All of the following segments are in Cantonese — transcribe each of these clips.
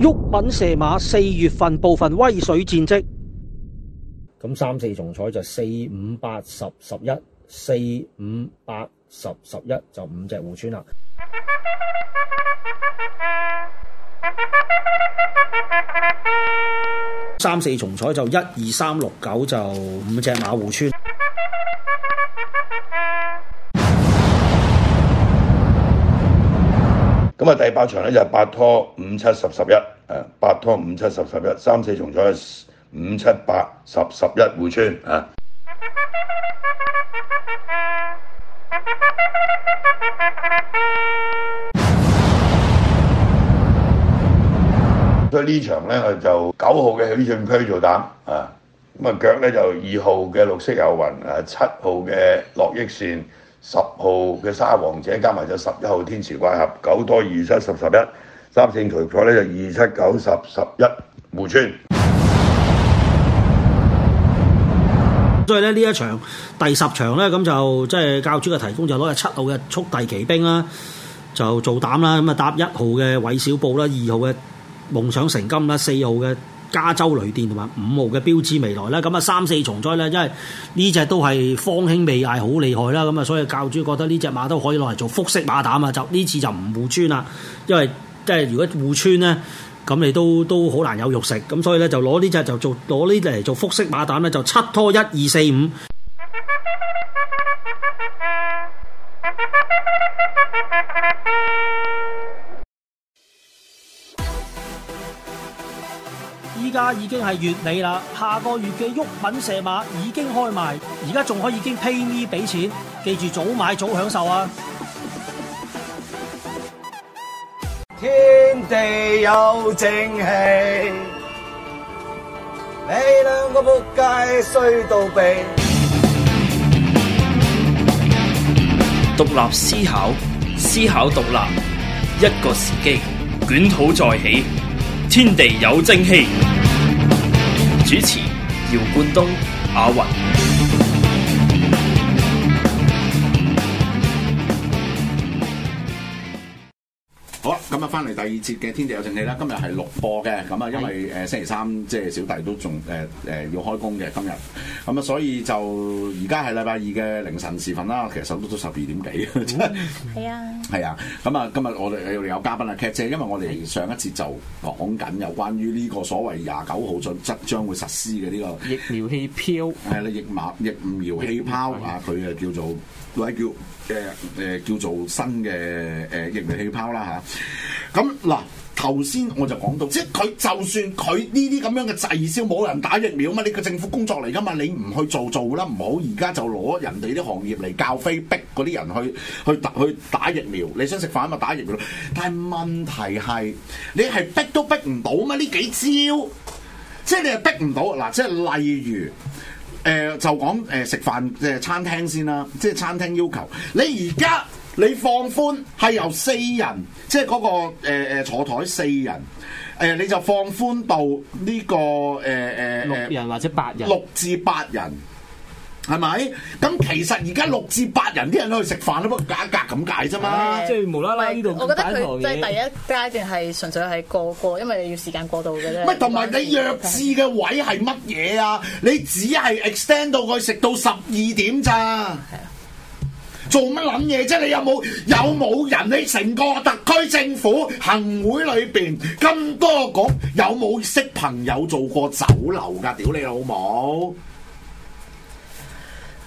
玉品射馬四月份部分威水戰績，咁三四重彩就四五八十十一，四五八十十一就五隻互穿啦。三四重彩就一二三六九就五隻馬互穿。咁啊，第八場咧就八拖五七十十一，誒八拖五七十十一，三四重彩五七八十十一互村啊。所以場呢場咧就九號嘅許進區做膽啊，咁啊腳咧就二號嘅綠色有雲啊，七號嘅樂益線。十號嘅沙皇者加埋就十一號天池怪俠，九多二七十十一三線除錯呢就二七九十十一無穿，村。所以呢，呢一場第十場呢，咁就即係、就是、教主嘅提供就攞隻七號嘅速遞奇兵啦，就做膽啦，咁啊搭一號嘅韋小布啦，二號嘅夢想成金啦，四號嘅。加州雷電同埋五號嘅標誌未來啦。咁啊三四重災咧，因為呢隻都係方興未艾，好厲害啦，咁啊所以教主覺得呢隻馬都可以攞嚟做復式馬膽啊，就呢次就唔互穿啦，因為即係如果互穿咧，咁你都都好難有肉食，咁所以咧就攞呢隻就做攞呢隻嚟做復式馬膽咧，就七拖一二四五。家已經係月尾啦，下個月嘅沃品射馬已經開賣，而家仲可以經 pay me 俾錢，記住早買早享受啊！天地有正氣，你兩個仆街衰到痹！獨立思考，思考獨立，一個時機，捲土再起，天地有正氣。主持：姚冠東、阿云。翻嚟第二節嘅天地有正氣啦，今日係錄播嘅，咁啊，因為誒星期三即係小弟都仲誒誒要開工嘅今日，咁啊，所以就而家係禮拜二嘅凌晨時分啦，其實我都都十二點幾，真係啊，係啊，咁啊，今日我哋有嘉賓啊，K 姐，因為我哋上一節就講緊有關於呢個所謂廿九號就即將會實施嘅呢、這個疫苗，疫，苗疫苗氣泡，係啦，疫疫疫苗氣泡啊，佢誒的叫做。位叫誒誒、呃、叫做新嘅誒、呃、疫苗氣泡啦吓，咁嗱頭先我就講到，即係佢就算佢呢啲咁樣嘅滯銷，冇人打疫苗嘛，你個政府工作嚟噶嘛，你唔去做做啦，唔好而家就攞人哋啲行業嚟教飛逼嗰啲人去去去打，去打疫苗，你想食飯嘛打疫苗，但係問題係你係逼都逼唔到嘛呢幾招，即係你係逼唔到，嗱即係例如。誒、呃，就講誒、呃、食飯誒、呃、餐廳先啦，即係餐廳要求你而家你放寬係由四人，即係嗰、那個誒誒、呃、坐台四人，誒、呃、你就放寬到呢、這個誒誒、呃、六人或者八人，六至八人。係咪？咁其實而家六至八人啲人都去食飯咯，價格咁解啫嘛。即係無啦啦呢度，我覺得佢第一階段係純粹係過過，因為要時間過度嘅啫。唔同埋你弱智嘅位係乜嘢啊？你只係 extend 到佢食到十二點咋？做乜諗嘢啫？你有冇有冇人？喺成個特區政府行會裏邊咁多講，有冇識朋友做過酒樓噶？屌你老母！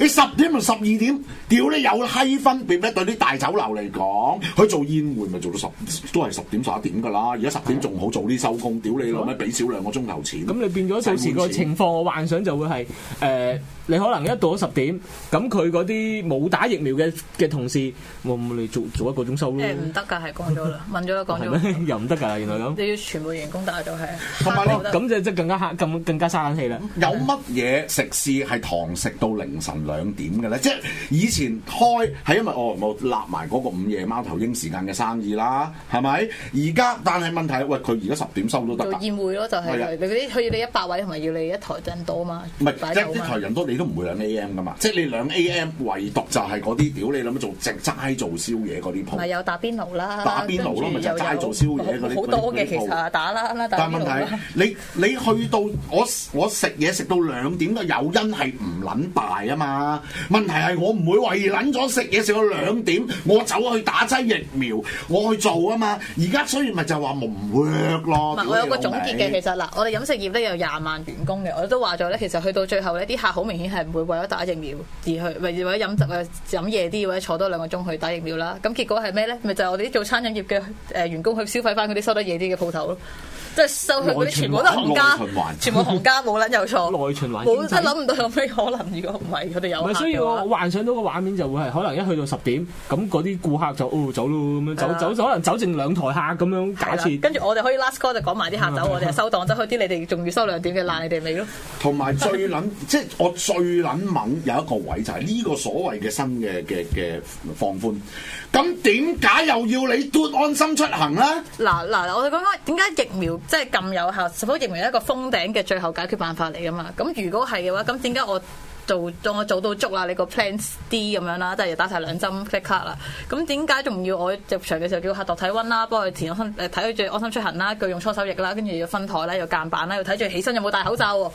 你十點同十二點，屌你有閪分別咩？對啲大酒樓嚟講，佢做宴會咪做到十都係十點十一點㗎啦。而家十點仲好早啲收工，屌你咯，咩俾少兩個鐘頭錢？咁你變咗食肆個情況，我幻想就會係誒，你可能一到咗十點，咁佢嗰啲冇打疫苗嘅嘅同事，會唔會做做一個鐘收咯。誒唔得㗎，係降咗啦，問咗講咗，又唔得㗎，原來咁。你要全部員工打咗係，同埋咧咁就即係更加慳，咁更加生冷氣啦。有乜嘢食肆係堂食到凌晨？兩點嘅咧，即係以前開係因為我冇立埋嗰個午夜貓頭鷹時間嘅生意啦，係咪？而家但係問題，喂佢而家十點收都得。做宴會咯，就係你嗰啲去你一百位同埋要你一台真多嘛？唔係，一一台人多你都唔會兩 AM 噶嘛？即係你兩 AM 唯獨就係嗰啲屌你諗做直齋做宵夜嗰啲鋪。唔係有打邊爐啦，打邊爐咯，咪就齋做宵夜嗰啲好多嘅其實打啦啦，但係問題你你去到我我食嘢食到兩點都有因係唔撚大啊嘛？啊！問題係我唔會為撚咗食嘢食到兩點，我走去打劑疫苗，我去做啊嘛！而家所以咪就話唔 work 咯。唔係，我有個總結嘅，其實嗱，我哋飲食業咧有廿萬員工嘅，我都話咗咧，其實去到最後咧，啲客好明顯係唔會為咗打疫苗而去，唔係為咗飲得飲夜啲，或者坐多兩個鐘去打疫苗啦。咁結果係咩咧？咪就係我哋啲做餐飲業嘅誒員工去消費翻嗰啲收得夜啲嘅鋪頭咯。即係收佢嗰啲，全部都行家，全部行家冇撚有錯。內循環本身諗唔到有咩可能，如果唔係佢哋有。唔需要我幻想到個畫面，就會係可能一去到十點，咁嗰啲顧客就哦，走咯，咁樣走走可能走剩兩台客咁樣假設。跟住我哋可以 last call 就講埋啲客走，我哋收檔就嗰啲，你哋仲要收兩點嘅攔你哋尾咯。同埋最撚，即係我最撚悶有一個位就係呢個所謂嘅新嘅嘅嘅放寬。咁點解又要你嘟安心出行咧？嗱嗱，我哋講緊點解疫苗。即係咁有效，是否認為一個封頂嘅最後解決辦法嚟㗎嘛？咁如果係嘅話，咁點解我做當我做到足啦？你個 plan D 咁樣啦，即係要打曬兩針即刻啦。咁點解仲要我入場嘅時候叫客度體温啦，幫佢填咗身睇佢最安心出行啦，佢用搓手液啦，跟住要分枱啦，又間板啦，要睇住起身有冇戴口罩喎。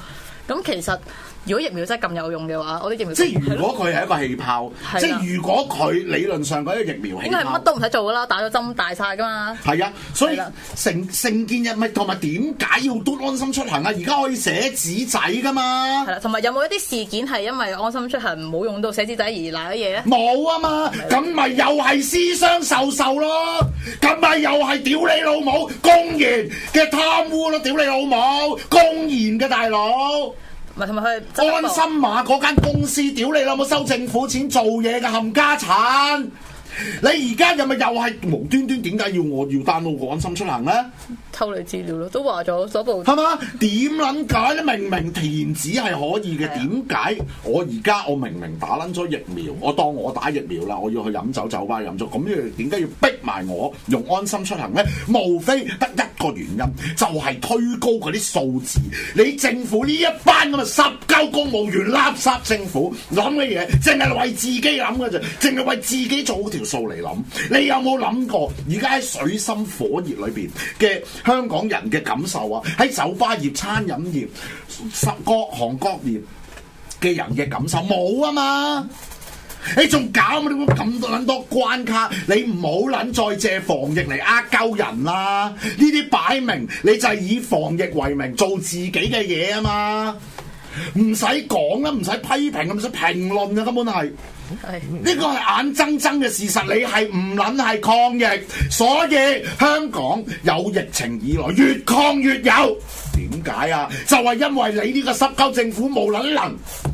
咁其實。如果疫苗真係咁有用嘅話，我啲疫苗即係如果佢係一個氣泡，是的 即係如果佢理論上嗰一個疫苗，應該係乜都唔使做噶啦，打咗針大晒噶嘛。係啊，所以成是的 成，成件事咪同埋點解要都安心出行啊？而家可以寫紙仔噶嘛？係啦，同埋有冇一啲事件係因為安心出行唔好用到寫紙仔而嗱嘢，冇啊嘛，咁咪又係私相授受咯，咁咪又係屌你老母公然嘅貪污咯，屌你老母公然嘅大佬。咪同埋去安心碼嗰間公司屌你啦！冇收政府錢做嘢嘅冚家產，你而家又咪又係無端端？點解要我要 download 個安心出行咧？偷你資料咯，都話咗所部係嘛？點捻解咧？明明填紙係可以嘅，點解我而家我明明打捻咗疫苗，我當我打疫苗啦，我要去飲酒酒吧飲咗，咁要點解要逼埋我用安心出行咧？無非得一。個原因就係推高嗰啲數字，你政府呢一班咁嘅濕鳩公務員垃圾政府諗嘅嘢，淨係為自己諗嘅啫，淨係為自己做嗰條數嚟諗。你有冇諗過而家喺水深火熱裏邊嘅香港人嘅感受啊？喺酒吧業、餐飲業、十各行各業嘅人嘅感受冇啊嘛？你仲搞乜？你咁捻多關卡，你唔好捻再借防疫嚟呃鳩人啦！呢啲擺明你就係以防疫為名做自己嘅嘢啊嘛，唔使講啊，唔使批評啊，唔使評論啊，根本係，係呢個係眼睜睜嘅事實，你係唔捻係抗疫，所以香港有疫情以來越抗越有。點解啊？就係因為你呢個濕鳩政府冇捻能。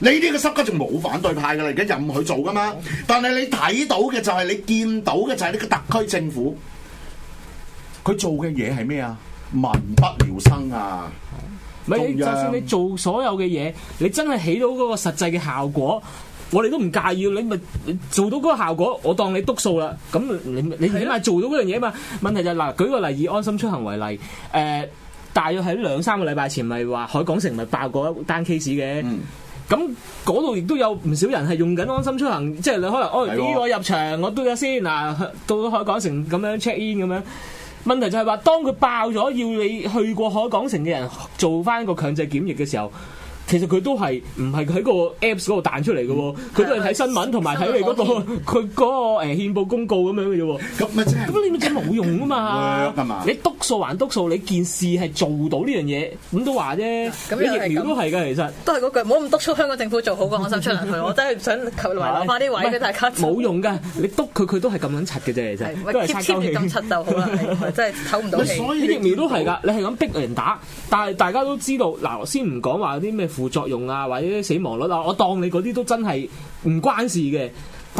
你呢個嘅塞就冇反對派噶啦，而家任佢做噶嘛。但係你睇到嘅就係、是、你見到嘅就係呢個特區政府，佢做嘅嘢係咩啊？民不聊生啊！唔你央就算你做所有嘅嘢，你真係起到嗰個實際嘅效果，我哋都唔介意。你咪做到嗰個效果，我當你督數啦。咁你你起碼做到嗰樣嘢嘛？問題就嗱、是，舉個例，以安心出行為例，誒、呃，大約喺兩三個禮拜前，咪話海港城咪爆過一單 case 嘅。嗯咁嗰度亦都有唔少人係用緊安心出行，即係你可能是的 哦，依個入場我都一先嗱，到咗海港城咁樣 check in 咁樣。問題就係話，當佢爆咗，要你去過海港城嘅人做翻個強制檢疫嘅時候。其實佢都係唔係喺個 Apps 嗰度彈出嚟嘅喎，佢都係睇新聞同埋睇你嗰個佢嗰個誒憲報公告咁樣嘅啫，咁，咁你都知冇用啊嘛。你督數還督數，你件事係做到呢樣嘢咁都話啫。咁疫苗都係㗎，其實都係嗰句，冇咁督促香港政府做好過，我想出嚟佢。我真係唔想為攞翻啲位俾大家。冇用㗎，你督佢佢都係咁撚柒嘅啫，其實都係黐住咁柒就好啦。真係唞唔到氣。所以疫苗都係㗎，你係咁逼人打，但係大家都知道嗱，先唔講話啲咩。副作用啊，或者死亡率啊，我當你嗰啲都真係唔關事嘅。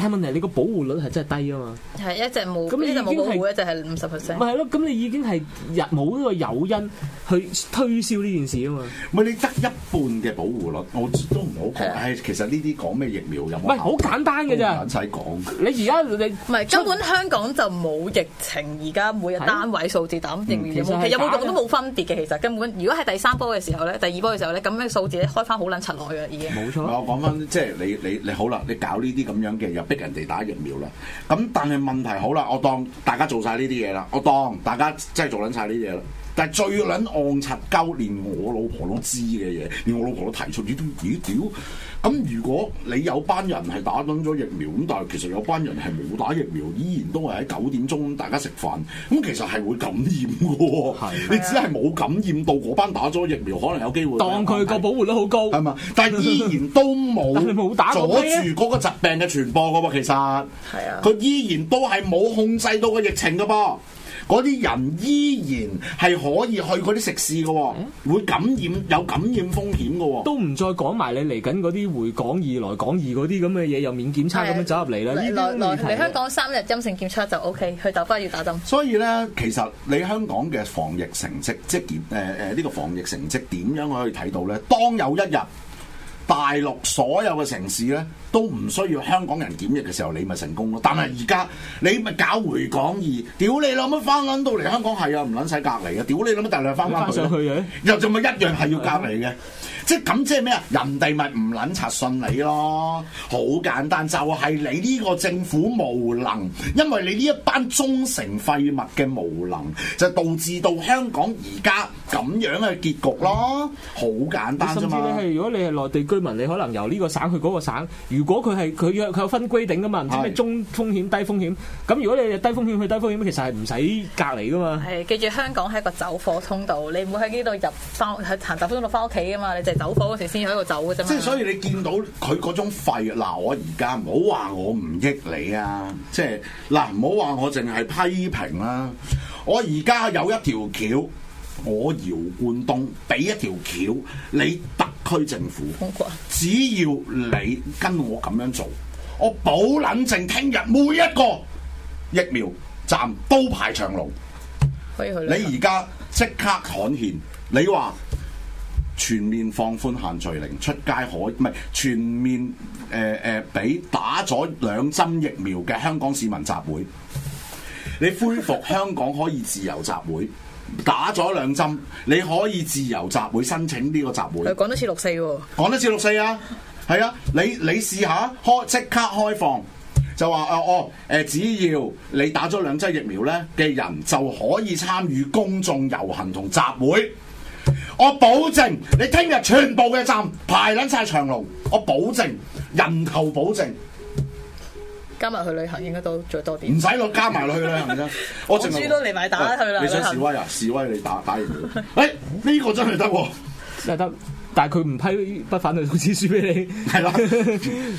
但係問題你個保護率係真係低啊嘛，係一直冇，咁你就保護，一直係五十 percent。咪係咯，咁你已經係日冇呢個誘因去推銷呢件事啊嘛。唔係你得一半嘅保護率，我都唔好講的、哎。其實呢啲講咩疫苗有冇？唔係好簡單㗎啫，唔你而家你唔係根本香港就冇疫情，而家每日單位數字的但疫苗冇，有冇都冇分別嘅。其實，有有其實根本如果係第三波嘅時候咧，第二波嘅時候咧，咁嘅數字咧開翻好撚七耐嘅已經。冇錯。我講翻即係你你你好啦，你搞呢啲咁樣嘅逼人哋打疫苗啦，咁但係問題好啦，我當大家做晒呢啲嘢啦，我當大家真係做撚晒呢啲嘢啦，但係最撚暗察鳩，連我老婆都知嘅嘢，連我老婆都提出，呢啲咦，咦屌！咁如果你有班人係打緊咗疫苗，咁但係其實有班人係冇打疫苗，依然都係喺九點鐘大家食飯，咁其實係會感染嘅喎。係嗎？你只係冇感染到嗰班打咗疫苗，可能有機會有。當佢個保護率好高，係嘛？但係依然都冇阻住嗰個疾病嘅傳播嘅喎，其實係啊，佢依然都係冇控制到個疫情嘅噃。嗰啲人依然係可以去嗰啲食肆嘅、哦，嗯、會感染有感染風險嘅、哦，都唔再講埋你嚟緊嗰啲回港二來港二嗰啲咁嘅嘢又免檢測咁樣走入嚟啦。來來嚟香港三日陰性檢測就 OK，去酒吧要打針。所以咧，其實你香港嘅防疫成績，即係檢誒誒呢個防疫成績點樣可以睇到咧？當有一日。大陸所有嘅城市咧，都唔需要香港人檢疫嘅時候，你咪成功咯。但係而家你咪搞回港易，屌你老母翻撚到嚟香港係啊，唔撚使隔離啊，屌你老母大量翻翻上去嘅又就咪一樣係要隔離嘅？即咁即係咩啊？人哋咪唔撚查信你咯，好簡單，就係、是、你呢個政府無能，因為你呢一班忠誠廢物嘅無能，就導致到香港而家咁樣嘅結局咯，好簡單啫嘛。甚至係如果你係內地居民，你可能由呢個省去嗰個省，如果佢係佢佢有分規定噶嘛，唔知咩中風險、低風險，咁如果你低風險去低風險，其實係唔使隔離噶嘛。係，記住香港係一個走火通道，你唔會喺呢度入翻喺行集通道翻屋企噶嘛，你淨、就是。走火嗰時先喺度走嘅啫嘛。即係所以你見到佢嗰種廢話。嗱，我而家唔好話我唔益你啊！即係嗱，唔好話我淨係批評啦、啊。我而家有一條橋，我姚冠東俾一條橋你特區政府，只要你跟我咁樣做，我保撚證聽日每一個疫苗站都排長龍。可以去啦。你而家即刻罕現，你話。全面放寬限聚令，出街可唔係全面誒誒俾打咗兩針疫苗嘅香港市民集會。你恢復香港可以自由集會，打咗兩針你可以自由集會，申請呢個集會。講多次六四喎，講多次六四啊，係啊，你你試下開，即刻開放，就話誒哦誒、哦，只要你打咗兩劑疫苗咧嘅人，就可以參與公眾遊行同集會。我保證，你聽日全部嘅站排撚晒長龍，我保證人頭保證。今日去旅行應該都再多啲，唔使我加埋落去啦，係咪啊？我輸都嚟埋打去啦、欸。你想示威啊？ 示威你打打完，哎、欸、呢、呢個真係得喎，得。但係佢唔批不反對通知書俾你係啦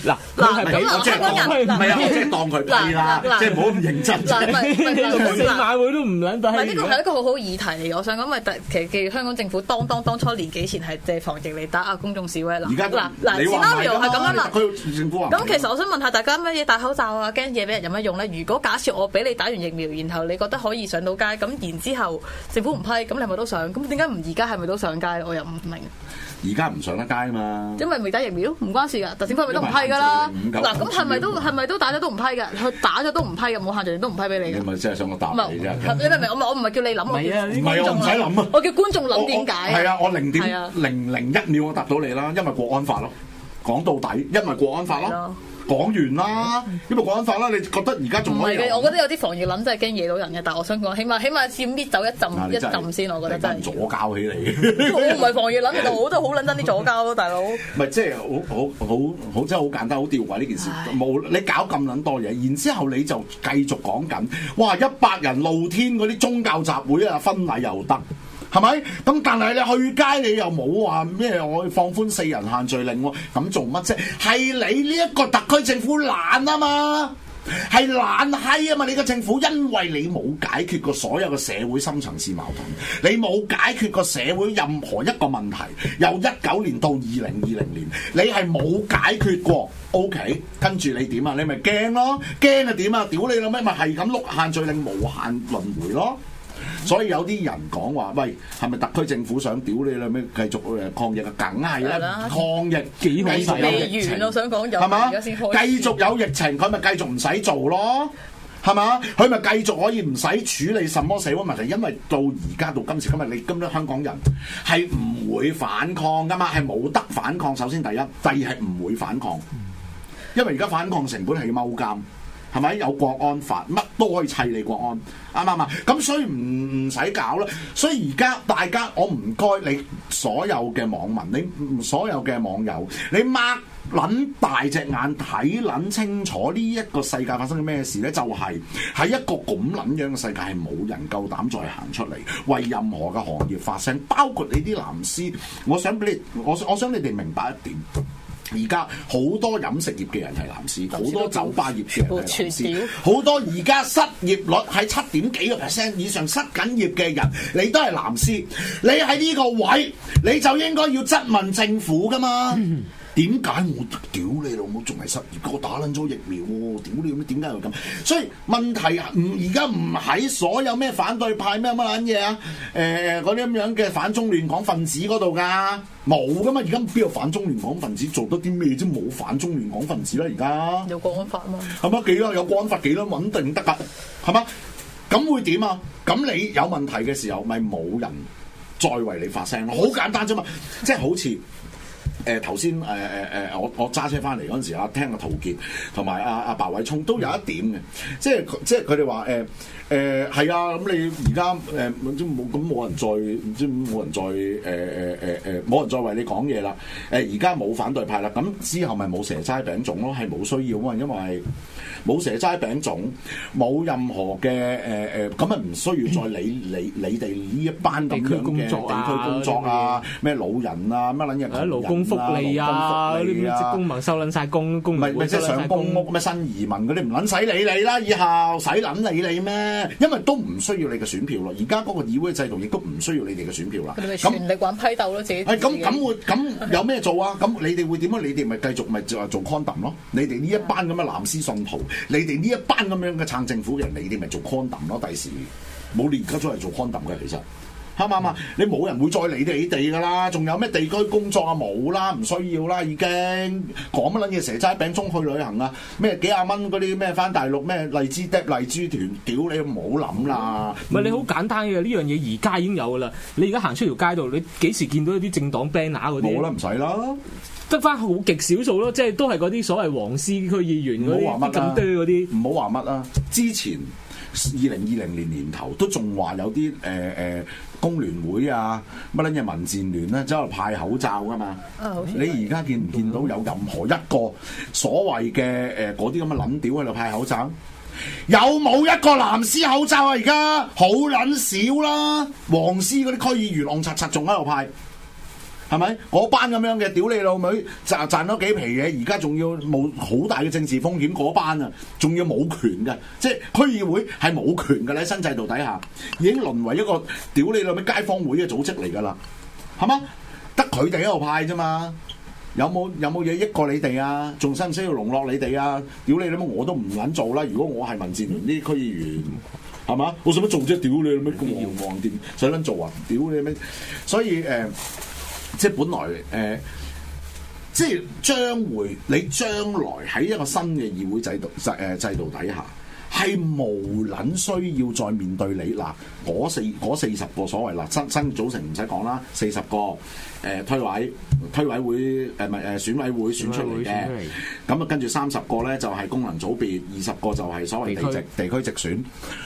嗱嗱，即係當唔係啊，即係當佢批啦，即係唔好咁認真。嗱，死買會都唔撚，但呢個係一個好好議題嚟。我想講，其實香港政府當當當初年幾前係借防疫嚟打壓公眾示威啦。嗱嗱，疫苗係咁樣啦。佢政府話咁其實我想問下大家咩嘢戴口罩啊，驚嘢俾人有乜用咧？如果假設我俾你打完疫苗，然後你覺得可以上到街，咁然之後政府唔批，咁你咪都上。咁，點解唔而家係咪都上街？我又唔明。而家唔上得街啊嘛，因為未打疫苗，唔關事噶，特警批咪都唔批噶啦。嗱，咁係咪都係咪都打咗都唔批嘅？佢打咗都唔批嘅，冇限制、啊、是是都唔、嗯、批俾你。你咪真係想我答你 你明唔明？我唔係叫你諗，唔係啊，唔係我唔使諗啊，我叫觀眾諗點解。係啊，我零點零零一秒我答到你啦，因為國安法咯，講、啊、到底，因為國安法咯。講完啦，咁咪的講翻啦！你覺得而家仲可以？我覺得有啲防疫撚真係驚惹到人嘅。但係我想講，起碼起碼先搣走一浸、啊、一陣先，我覺得真係左膠起嚟 我唔係防疫撚，其實我都好撚憎啲左膠咯，大佬。唔係 即係好好好好真係好簡單，好吊詭呢件事冇唉你搞咁撚多嘢，然之後你就繼續講緊哇一百人露天嗰啲宗教集會啊，婚禮又得。 係咪？咁但係你去街你又冇話咩？我放寬四人限聚令咁做乜啫？係你呢一個特區政府懶啊嘛，係懶閪啊嘛！你個政府因為你冇解決過所有嘅社會深層次矛盾，你冇解決過社會任何一個問題。由一九年到二零二零年，你係冇解決過。OK，跟住你點啊？你咪驚咯，驚就點啊？屌你老咩？咪係咁碌限聚令無限輪回咯。所以有啲人講話，喂，係咪特區政府想屌你兩咩繼續誒抗疫啊？梗係啦，嗯、抗疫幾好？繼續我想講有吧，係嘛？繼續有疫情，佢咪繼續唔使做咯？係嘛？佢咪繼續可以唔使處理什麼社會問題？因為到而家到今時今日，你今香港人係唔會反抗噶嘛？係冇得反抗。首先第一，第二係唔會反抗，因為而家反抗成本係踎監。係咪有國安法，乜都可以砌你國安，啱唔啱？咁所以唔使搞啦。所以而家大家，我唔該你所有嘅網民，你所有嘅網友，你擘撚大隻眼睇撚清楚呢一個世界發生咗咩事呢？就係、是、喺一個咁撚樣嘅世界，係冇人夠膽再行出嚟為任何嘅行業發聲，包括你啲藍絲。我想俾你，我想我想你哋明白一點。而家好多飲食業嘅人係藍絲，好多酒吧業嘅人係藍絲，好多而家失業率喺七點幾個 percent 以上失緊業嘅人，你都係藍絲，你喺呢個位你就應該要質問政府㗎嘛。點解我屌你老母仲係失業？我打撚咗疫苗喎！屌你咩？點解又咁？所以問題唔而家唔喺所有咩反對派咩乜撚嘢啊？誒嗰啲咁樣嘅反中亂港分子嗰度噶冇噶嘛？而家邊有反中亂港分子做到啲咩啫？冇反中亂港分子啦！而家有國安法嘛？係嘛，幾多有國安法幾多穩定得噶？係嘛，咁會點啊？咁你有問題嘅時候咪冇人再為你發聲咯？好簡單啫嘛！即係好似。誒，頭先誒誒誒，我我揸車翻嚟嗰陣時，阿聽阿陶傑同埋阿阿白偉聰都有一點嘅、嗯，即係即係佢哋話誒。呃誒係啊，咁你而家誒知冇咁冇人再唔知冇人再誒誒誒誒冇人再為你講嘢啦。誒而家冇反對派啦，咁之後咪冇蛇齋餅種咯，係冇需要啊嘛，因為冇蛇齋餅種，冇任何嘅誒誒，咁咪唔需要再理你你哋呢一班咁嘅地區工作，地區工作啊，咩老人啊，乜撚嘢勞工福利啊，嗰啲咩職工盟收撚晒公工，即係上公屋咩新移民嗰啲唔撚使理你啦，以後使撚理你咩？因為都唔需要你嘅選票咯，而家嗰個議會制度亦都唔需要你哋嘅選票啦。咁你玩批鬥咯，自己，自己、哎。係咁咁會咁 Okay. 有咩做啊？咁你哋會點啊？你哋咪繼續咪做做 condom 咯？你哋呢一班咁嘅藍絲信徒，你哋呢一班咁樣嘅撐政府嘅人，你哋咪做 condom 咯？第時冇連家出嚟做 condom 嘅其實。啱唔啱？你冇人會再理你哋㗎啦！仲有咩地區工作啊？冇啦，唔需要啦，已經講乜撚嘢蛇齋餅糭去旅行啊？咩幾廿蚊嗰啲咩返大陸咩荔枝釷荔枝團屌你唔好諗啦！唔係、嗯嗯、你好簡單嘅呢樣嘢，而家已經有㗎啦！你而家行出條街度，你幾時見到一啲政黨 banner 嗰啲？冇啦，唔使啦，得返好極少數咯，即係都係嗰啲所謂黃絲區議員嗰乜咁多嗰啲。唔好話乜啊！之前。二零二零年年頭都仲話有啲誒誒工聯會啊乜撚嘢民建聯啦，走喺度派口罩噶嘛？Oh, okay. 你而家見唔見到有任何一個所謂嘅誒嗰啲咁嘅撚屌喺度派口罩？有冇一個藍絲口罩啊？而家好捻少啦，黃絲嗰啲區議員戇戇拆仲喺度派。係咪？嗰班咁樣嘅，屌你老味，賺賺咗幾皮嘢，而家仲要冇好大嘅政治風險，嗰班啊，仲要冇權嘅，即係區議會係冇權嘅咧。新制度底下，已經淪為一個屌你老味街坊會嘅組織嚟噶啦，係嘛？得佢哋一個派啫嘛？有冇有冇嘢益過你哋啊？仲使唔需要籠絡你哋啊？屌你老味，我都唔揾做啦！如果我係民建聯啲區議員，係嘛？我使乜做啫？屌你老味，咁遙望掂。使乜做啊？屌你老味，所以誒。呃即係本來誒、呃，即係將會你將來喺一個新嘅議會制度制誒、呃、制度底下，係無撚需要再面對你嗱。嗰四四十個所謂嗱新新組成唔使講啦，四十個誒、呃、推委推委會誒唔係誒選委會選出嚟嘅，咁啊跟住三十個咧就係、是、功能組別，二十個就係所謂地直地區直選。區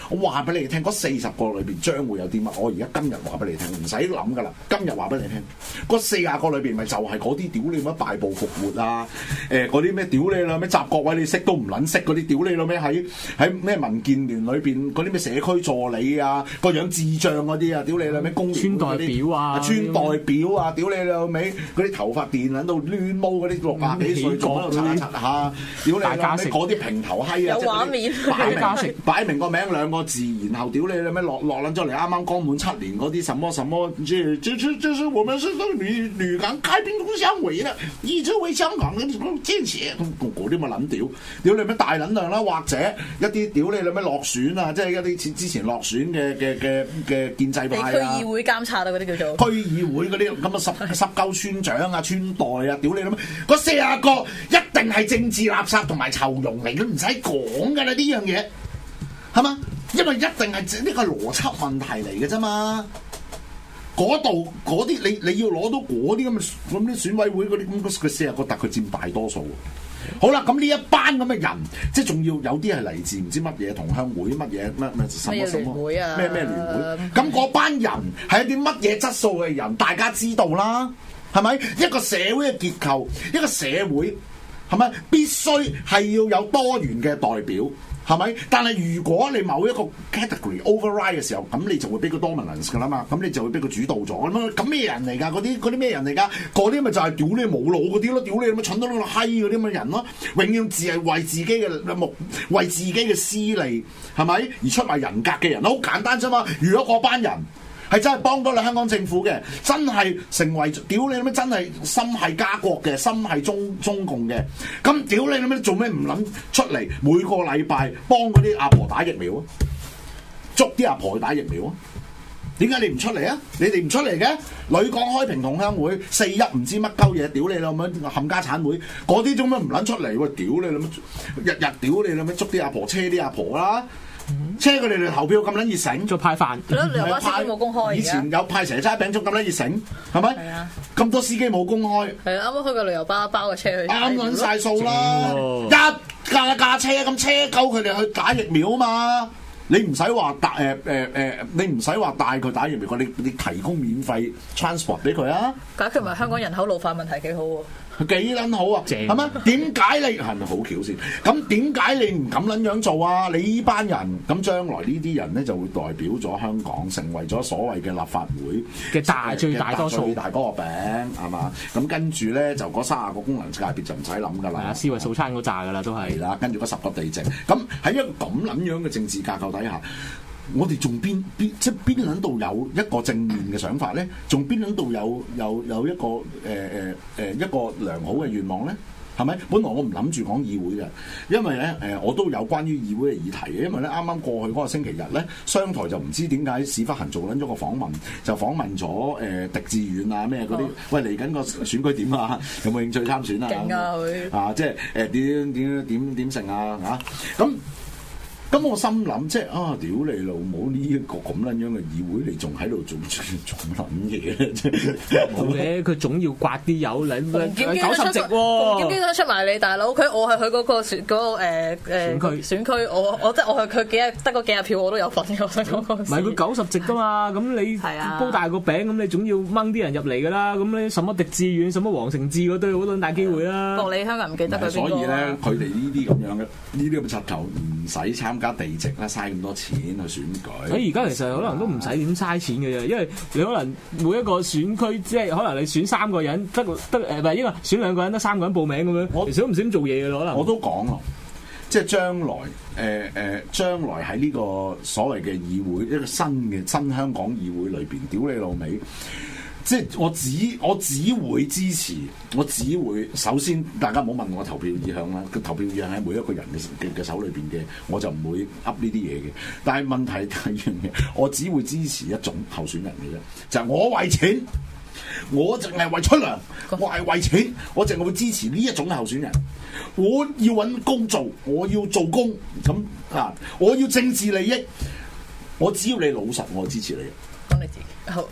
我話俾你哋聽，嗰四十個裏邊將會有啲乜？我而家今日話俾你聽，唔使諗噶啦，今日話俾你聽，嗰四廿個裏邊咪就係嗰啲屌你乜敗部復活啊！誒嗰啲咩屌你啦咩雜國位你，你識都唔撚識嗰啲屌你啦咩喺喺咩民建聯裏邊嗰啲咩社區助理啊、那個養智障嗰啲啊！屌你老味公村代表啊？村代表啊！屌你老味嗰啲頭髮辮喺度亂毛嗰啲六百幾歲，刮刮擦擦嚇！屌你老味嗰啲平頭閪啊？有畫面擺明擺明個名兩個字，然後屌你老味落落撚咗嚟啱啱剛滿七年嗰啲什麼什麼，即係即即即係我們是到旅旅港開平同鄉會了，一直為香港的什麼建言，嗰啲冇撚屌！屌你老味大撚量啦，或者一啲屌你老味落選啊？即係一啲之前落選嘅嘅。嘅嘅建制派啦、啊，區議會監察到嗰啲叫做區議會嗰啲咁嘅濕濕鳩村長啊、村代啊，屌你諗，嗰四啊個一定係政治垃圾同埋酬庸嚟，佢唔使講㗎啦呢樣嘢，係嘛？因為一定係呢個邏輯問題嚟嘅啫嘛，嗰度嗰啲你你要攞到嗰啲咁嘅咁啲選委會嗰啲咁嘅四啊個，特佢佔大多數。好啦，咁呢一班咁嘅人，即係仲要有啲係嚟自唔知乜嘢同鄉會乜嘢咩咩什麼會什麼咩咩聯會，咁嗰、嗯、班人係一啲乜嘢質素嘅人，大家知道啦，係咪一個社會嘅結構，一個社會係咪必須係要有多元嘅代表？係咪？但係如果你某一個 category override 嘅時候，咁你就會俾佢 dominance 噶啦嘛，咁你就會俾佢主導咗。咁咁咩人嚟㗎？嗰啲嗰啲咩人嚟㗎？嗰啲咪就係屌你冇腦嗰啲咯，屌你咁樣蠢到撚閪嗰啲咁嘅人咯，永遠只係為自己嘅目，為自己嘅私利係咪而出賣人格嘅人？好簡單啫嘛，如果嗰班人。係真係幫到你香港政府嘅，真係成為屌你老味，真係心繫家國嘅，心繫中中共嘅。咁屌你老味，做咩唔諗出嚟？每個禮拜幫嗰啲阿婆打疫苗啊，捉啲阿婆，婆去打疫苗啊？點解你唔出嚟啊？你哋唔出嚟嘅？旅港開平同鄉會四一唔知乜鳩嘢，屌你老咁樣冚家產會，嗰啲做咩唔諗出嚟？屌你啦，日日屌你老啦，捉啲阿婆車啲阿婆啦。車佢哋嚟投票咁捻易醒，再派飯，旅遊巴司機都冇公開，以前有派蛇齋餅粥咁捻易醒，係咪？啊，咁多司機冇公開，係啱啱開個旅遊巴，包個車去啱捻晒數啦，一架架車咁車夠佢哋去打疫苗啊嘛。你唔使話帶誒誒誒，你唔使話帶佢打疫苗，你你提供免費 transport 俾佢啊。解決埋香港人口老化問題幾好喎。幾撚好啊？正係、啊、咪？點解嗎你係咪 好橋先？咁點解你唔敢撚樣做啊？你依班人咁將來呢啲人咧就會代表咗香港，成為咗所謂嘅立法會嘅大最多數、啊、大嗰個餅，係嘛？咁跟住咧就嗰卅個功能界別就唔使諗噶啦，思 吧維素餐嗰扎噶啦都係啦。跟住嗰十個地政，咁喺一個咁撚樣嘅政治架構底下。我哋仲邊邊即係邊撚度有一個正面嘅想法咧？仲邊撚度有有有一個誒誒誒一個良好嘅願望咧？係咪？本來我唔諗住講議會嘅，因為咧誒、呃、我都有關於議會嘅議題嘅，因為咧啱啱過去嗰個星期日咧，商台就唔知點解市忽行做撚咗個訪問，就訪問咗誒狄志遠啊咩嗰啲，哦、喂嚟緊個選舉點啊？有冇興趣參選啊？勁啊佢、啊、即係誒點點點點成啊嚇咁。呃咁我心諗即係啊屌你老母呢一個咁撚樣嘅議會，啊、你仲喺度做做做撚嘢咧？冇嘅，佢總要刮啲油撚撚九十席喎，點幾得出埋你大佬？佢我係佢嗰個選嗰個誒誒選區，我我即係我係佢幾日得個幾日票我，我都有份嘅。我識講。唔係佢九十席噶嘛？咁你煲大個餅咁，你總要掹啲人入嚟噶啦。咁你，什麼狄志遠、什麼黃成智嗰啲，好多大機會啊！博你香港唔記得佢邊個？所以咧，佢哋呢啲咁樣嘅呢啲咁插頭。 唔使參加地籍啦，嘥咁多錢去選舉。所以而家其實可能都唔使點嘥錢嘅啫，因為你可能每一個選區，即係可能你選三個人得，得得誒唔係呢個選兩個人，得三個人報名咁樣。少唔少做嘢嘅可能？我都講咯，即係將來誒誒、呃，將來喺呢個所謂嘅議會，一個新嘅新，新香港議會裏邊，屌你老味。即係我只我只會支持，我只會首先大家唔好問我投票意向啦，個投票意向喺每一個人嘅嘅手裏邊嘅，我就唔會噏呢啲嘢嘅。但係問題係一樣嘢，我只會支持一種候選人嘅啫，就係我為錢，我淨係為出糧，我係為錢，我淨係會支持呢一種候選人。我要揾工做，我要做工，咁啊，我要政治利益，我只要你老實，我支持你。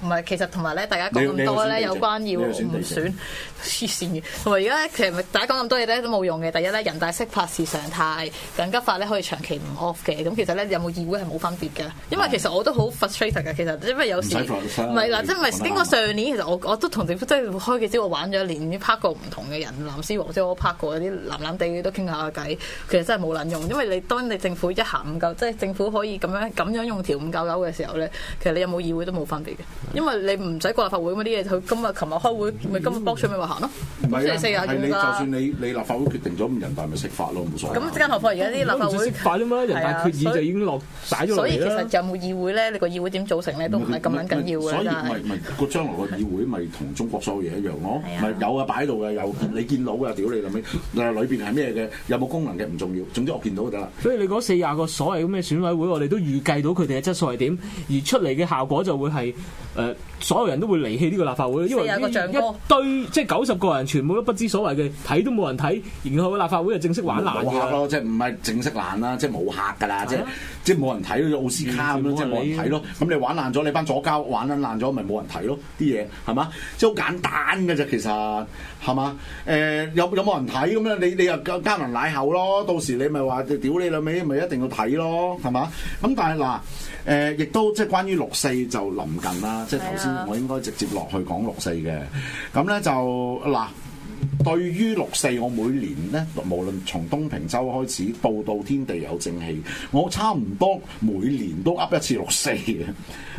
唔係，其實同埋咧，大家講咁多咧，有關要唔選熱線嘅，同埋而家其實大家講咁多嘢咧都冇用嘅。第一咧，人大釋法是常態緊急法咧，可以長期唔 off 嘅，咁其實咧有冇議會係冇分別嘅。因為其實我都好 frustrated 嘅，其實因為有時唔係嗱，即係經過上年，要其實我我都同政府真係、嗯、開嘅，只我玩咗一年，拍過唔同嘅人，藍絲、黃絲即我拍過啲藍藍地都傾下偈，其實真係冇撚用。因為你當你政府一行五舊，即、就、係、是、政府可以咁樣咁樣用條五九九嘅時候咧，其實你有冇議會都冇分別。因為你唔使過立法會咁啲嘢，佢今日、琴日開會，咪今日駁出咪話行咯吧。唔使、啊、四廿日啦。係你就算你你立法會決定咗，咁人大咪釋法咯，冇所謂。咁即係何況而家啲立法會釋、嗯、法啦，人大決議就已經落晒咗。所以，所以其實有冇議會咧，你個議會點組成咧，都唔係咁樣緊要嘅。所以唔係唔係，個將來個議會咪同中國所有嘢一樣咯。係咪有啊，擺喺度嘅，有，有你見到嘅，屌你老味，嗱裏邊係咩嘅？有冇功能嘅唔重要，總之我見到就得啦。所以你嗰四廿個所謂咁嘅選委會，我哋都預計到佢哋嘅質素係點，而出嚟嘅效果就會係。誒、呃，所有人都會離棄呢個立法會，因為呢一堆個即係九十個人全部都不知所謂嘅，睇都冇人睇，然後個立法會就正式玩爛，冇客咯，即係唔係正式爛啦，即係冇客噶啦，即係即係冇人睇，好似奧斯卡咁樣，即係冇人睇咯。咁你玩爛咗，你班左膠玩捻爛咗，咪冇人睇咯，啲嘢係嘛？即係好簡單噶咋，其實係嘛？誒、呃，有有冇人睇咁樣？你你又加文奶喉咯？到時你咪話屌你老味，咪一定要睇咯，係嘛？咁但係嗱，誒、呃，亦都即係關於六四就臨近。啦，即係頭先，我應該直接落去講六四嘅，咁咧就嗱。對於六四，我每年咧，無論從東平洲開始到到天地有正氣，我差唔多每年都噏一次六四嘅，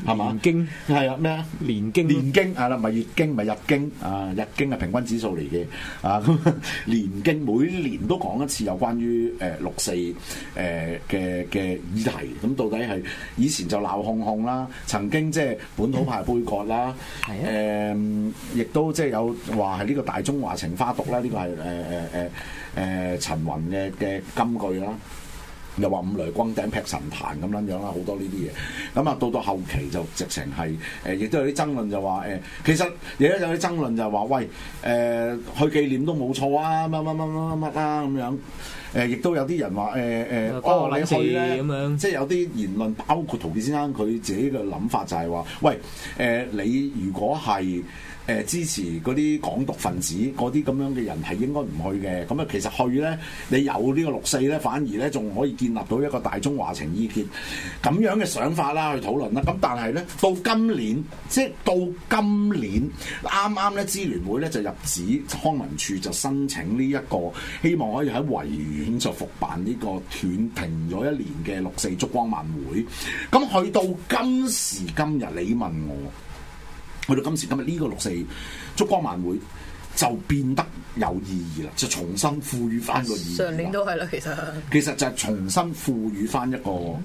係嘛？年經係啊咩啊？年經年經係啦，唔係月經，唔係日經啊，日經係平均指數嚟嘅啊。 年經每年都講一次有關於誒六四誒嘅嘅議題，咁到底係以前就鬧控控啦，曾經即係本土派杯葛啦，係啊、嗯，亦都即係有話係呢個大中華情。花毒啦，呢個係誒誒誒誒陳雲嘅嘅金句啦，又話五雷轟頂劈神壇咁樣樣啦，好多呢啲嘢。咁啊到到後期就直情係誒，亦、呃、都有啲爭論就話誒、呃，其實而家亦都有啲爭論就話、是、喂誒、呃，去紀念都冇錯啊，乜乜乜乜乜啊咁樣。誒、呃，亦都有啲人話誒誒，多禮咁樣，即係有啲言論，包括陶傑先生佢自己嘅諗法就係、是、話，喂誒，你、呃呃、如果係。呃、支持嗰啲港獨分子嗰啲咁樣嘅人係應該唔去嘅，咁啊其實去咧，你有呢個六四咧，反而咧仲可以建立到一個大中華情意結，咁樣嘅想法啦，去討論啦。咁但係咧，到今年即係到今年啱啱咧，支聯會咧就入紙康文署就申請呢、這、一個希望可以喺維園就復辦呢、這個斷停咗一年嘅六四燭光晚會。咁去到今時今日，你問我？去到今時今日，呢個六四燭光晚會就變得有意義啦，就重新賦予翻個意義。上年都係啦，其實其實就係重新賦予翻一個誒誒誒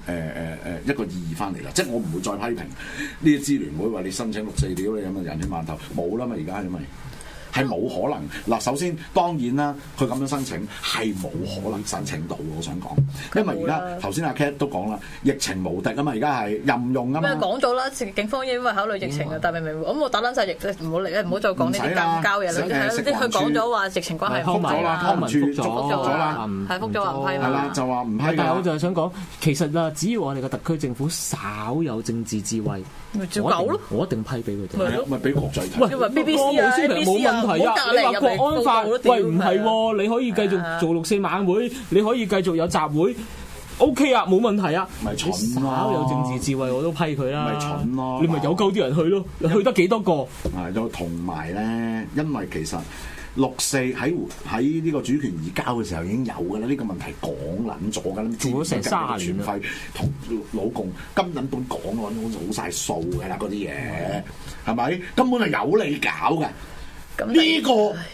一個意義翻嚟啦，即係我唔會再批評呢啲支聯會話你申請六四了，你有冇人血饅頭冇啦嘛，而家係點係冇可能嗱，首先當然啦，佢咁樣申請係冇可能申請到。我想講，因為而家頭先阿 Cat 都講啦，疫情無敵啊嘛，而家係任用啊嘛。咩講咗啦？警方因為考慮疫情啊，但明明，咁我打撚晒疫，唔好嚟，唔好再講呢啲膠膠嘢啦。佢講咗話疫情關係唔好啦，康民復咗啦，係覆咗話唔批嘛。但係我就係想講，其實啊，只要我哋嘅特區政府稍有政治智慧，我一定我一定批俾佢哋。俾國係啊！你話國安法，喂唔係喎，啊啊、你可以繼續做六四晚會，你可以繼續有集會 ，OK 啊，冇問題啊。唔係蠢，唔有政治智慧我都批佢啦。唔係蠢咯，你咪有鳩啲人去咯，嗯、去得幾多個？係又同埋咧，因為其實六四喺喺呢個主權移交嘅時候已經有㗎啦，呢、呢個問題講捻咗㗎啦，做咗成卅全啦，同老共金根本講好似好晒數㗎啦，嗰啲嘢係咪根本係由你搞嘅？呢個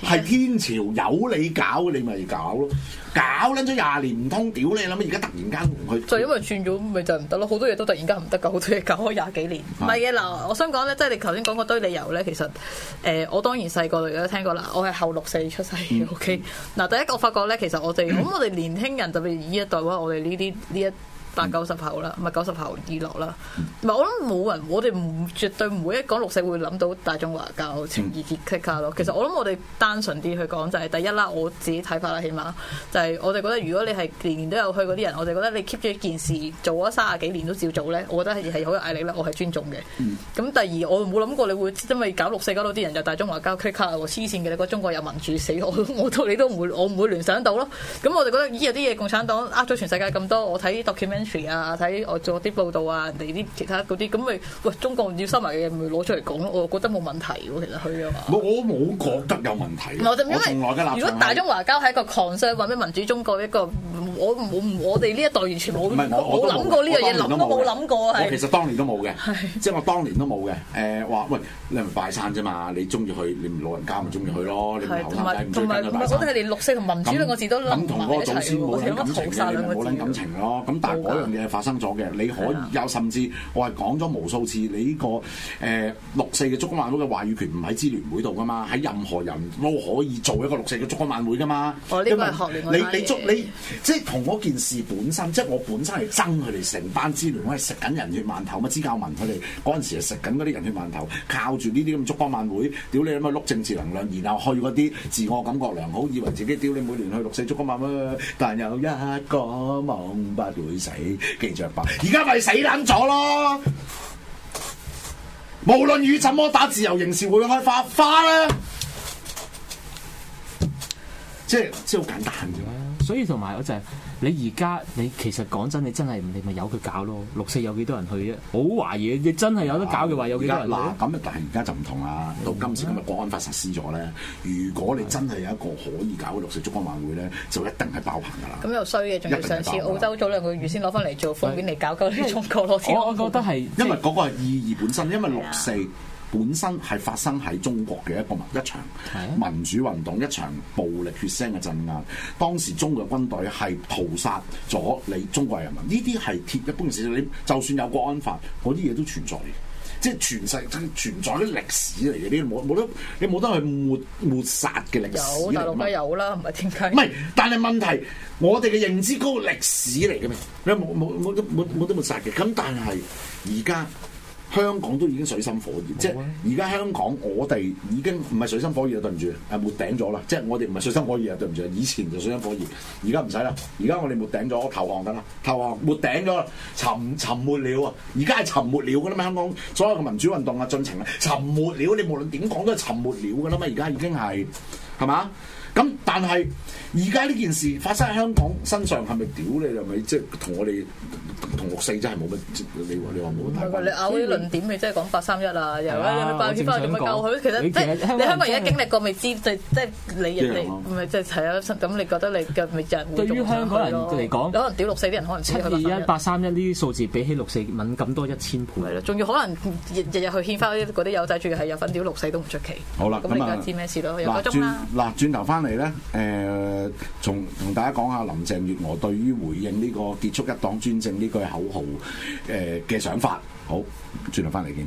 係天朝有你搞，你搞，搞，你咪搞咯！搞撚咗廿年唔通，屌你！你諗咩？而家突然間唔去，就係因為轉咗咪就唔得咯！好多嘢都突然間唔得噶，好多嘢搞咗廿幾年，唔係嘅嗱。我想講咧，即、就、係、是、你頭先講個堆理由咧，其實誒、呃，我當然細個嚟啦，聽過啦，我係後六四出世嘅。O K，嗱，第一個我發覺咧，其實我哋咁，我哋年輕人特別呢一代或我哋呢啲呢一。嗯八九十後啦，唔係九十後二樓啦，唔係、mm. 我諗冇人，我哋唔絕對唔會一講六四會諗到大中華教情熱 color 咯。Mm. 其實我諗我哋單純啲去講就係第一啦，我，我自己睇法啦，起碼就係我哋覺得如果你係年年都有去嗰啲人，我哋覺得你 keep 住一件事做咗三十幾年都照做咧，我覺得係好有毅力咧，我係尊重嘅。咁、mm. 第二我冇諗過你會因為搞六四搞到啲人就大中華教 color 黐線嘅，你覺得中國有民主死我，我到你都唔會，我唔會聯想到咯。咁我哋覺得依啲嘢共產黨呃咗全世界咁多，我睇 document。啊！睇我做啲報道啊，人哋啲其他嗰啲咁咪喂，中國要收埋嘅嘢咪攞出嚟講咯，我覺得冇問題喎。其實佢嘅話，我冇覺得有問題。因為如果大中華交喺一個 concern，為咩民主中國一個，我冇我哋呢一代完全冇，冇諗過呢樣嘢，諗都冇諗過。其實當年都冇嘅，即係我當年都冇嘅。誒話喂，你咪拜山啫嘛，你中意佢，你老人家咪中意佢咯，你唔後生，你我覺得係連綠色同民主兩個字都諗埋一齊。唔好諗情殺兩個字，感情咯。咁但係嗰樣嘢係發生咗嘅，你可以有的甚至我係講咗無數次，你呢、這個誒、呃、六四嘅燭光晚會嘅話語權唔喺支聯會度噶嘛？喺任何人都可以做一個六四嘅燭光晚會噶嘛？我呢個學聯你你捉的你，你，你即係同嗰件事本身，即係我本身係憎佢哋成班支聯會食緊人血饅頭嘛？支教文，佢哋嗰陣時係食緊嗰啲人血饅頭，靠住呢啲咁燭光晚會，屌你咁啊碌政治能量，然後去嗰啲自我感覺良好，以為自己屌你每年去六四燭光晚會，但有一個夢不會死。幾抽象，而家咪死撚咗咯！無論雨怎麼打，自由仍是會開花，花咧，即係即係好簡單啫。所以同埋我就係、是、你而家你其實講真你真係你咪由佢搞咯六四有幾多人去啫？好懷疑你真係有得搞嘅話有幾多人去？嗱咁啊！但係而家就唔同啦，到今次，今日國安法實施咗咧，如果你真係有一個可以搞六四燭光晚會咧，就一定係爆棚噶啦！咁又衰嘅，仲要上次澳洲早兩個月先攞翻嚟做封面嚟搞鳩你中國樂天。 我覺得係、就是、因為嗰個意義本身，因為六四。本身係發生喺中國嘅一個民一場民主運動，一場暴力血腥嘅鎮壓。當時中國軍隊係屠殺咗你中國人民，呢啲係鐵一般事實。你就算有國安法，嗰啲嘢都存在嘅，即係全世存在啲歷史嚟嘅。你冇冇得你冇得去抹抹殺嘅歷史。有大陸咪有啦，唔係點解？唔係，但係問題我哋嘅認知嗰個歷史嚟嘅咩？你冇冇冇冇冇得抹殺嘅。咁但係而家。香港都已經水深火熱， 即係而家香港我哋已經唔係水深火熱啊，對唔住，誒沒頂咗啦，即係我哋唔係水深火熱啊，對唔住，以前就水深火熱，而家唔使啦，而家我哋沒頂咗，投降得啦，投降沒頂咗，沉沉沒了啊，而家係沉沒了噶啦嘛，香港所有嘅民主運動啊，進程啊沉沒了，你無論點講都係沉沒了噶啦嘛，而家已經係係嘛？咁但係而家呢件事發生喺香港身上係咪屌你？又咪即係同我哋同六四真係冇乜你你話冇？唔係你拗啲論點，你即係講八三一啊，又啊，翻轉翻去點去救佢？其實即係你香港而家經歷過，未知即係你人哋咪即係係啊？咁你覺得你嘅咪人對於香港人嚟講，可能屌六四啲人可能七二一、八三一呢啲數字比起六四敏感多一千倍啦。仲要可能日日去獻翻嗰啲友仔，仲要係有份屌六四都唔出奇。好啦，咁你而家知咩事咯？有個鐘啦。嗱轉頭翻嚟咧，誒，同、呃、同大家講下林鄭月娥對於回應呢個結束一黨專政呢句口號誒嘅、呃、想法。好，轉頭翻嚟見。